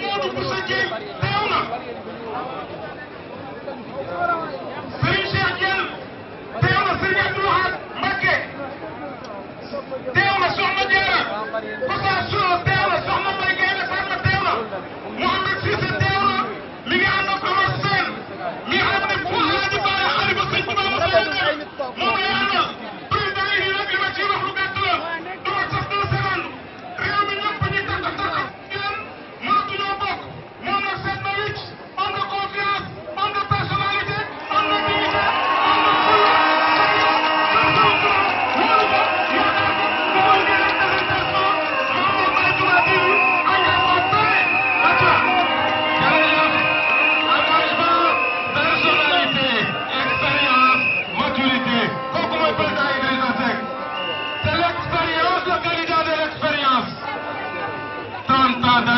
Thank you.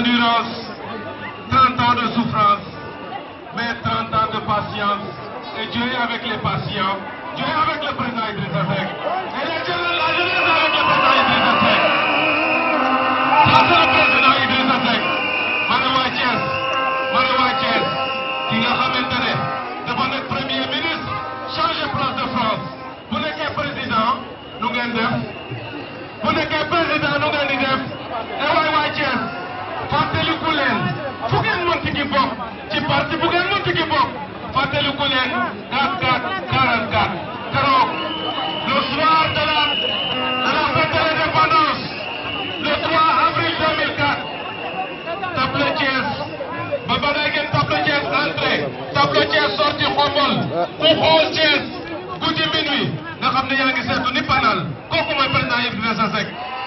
d'endurance, 30 ans de souffrance, mais 30 ans de patience. Et Dieu est avec les patients. Dieu est avec le président Idrissa Seck. Et la jeunesse avec le président Idrissa Seck. Ça, c'est le président Idrissa Seck. Manoua Thiès. Manoua Thiès. Qui nga xamante ne dafa nekk premier ministre changé place de France. Bu nekkee président nu ngeen def. Bu nekkee président nu ngeen di def. parti bu ngeen mënti ki bokk fàttaliku leen 44 44 keroog le soir de de la fête de l'indépendance le 3 avril 2004 ba ba day ngeen table Thiès entrée sorti xombol ku xool Thiès guddi minuit nga xam ne ngi seetlu ni panal kooku mooy président Idrissa Seck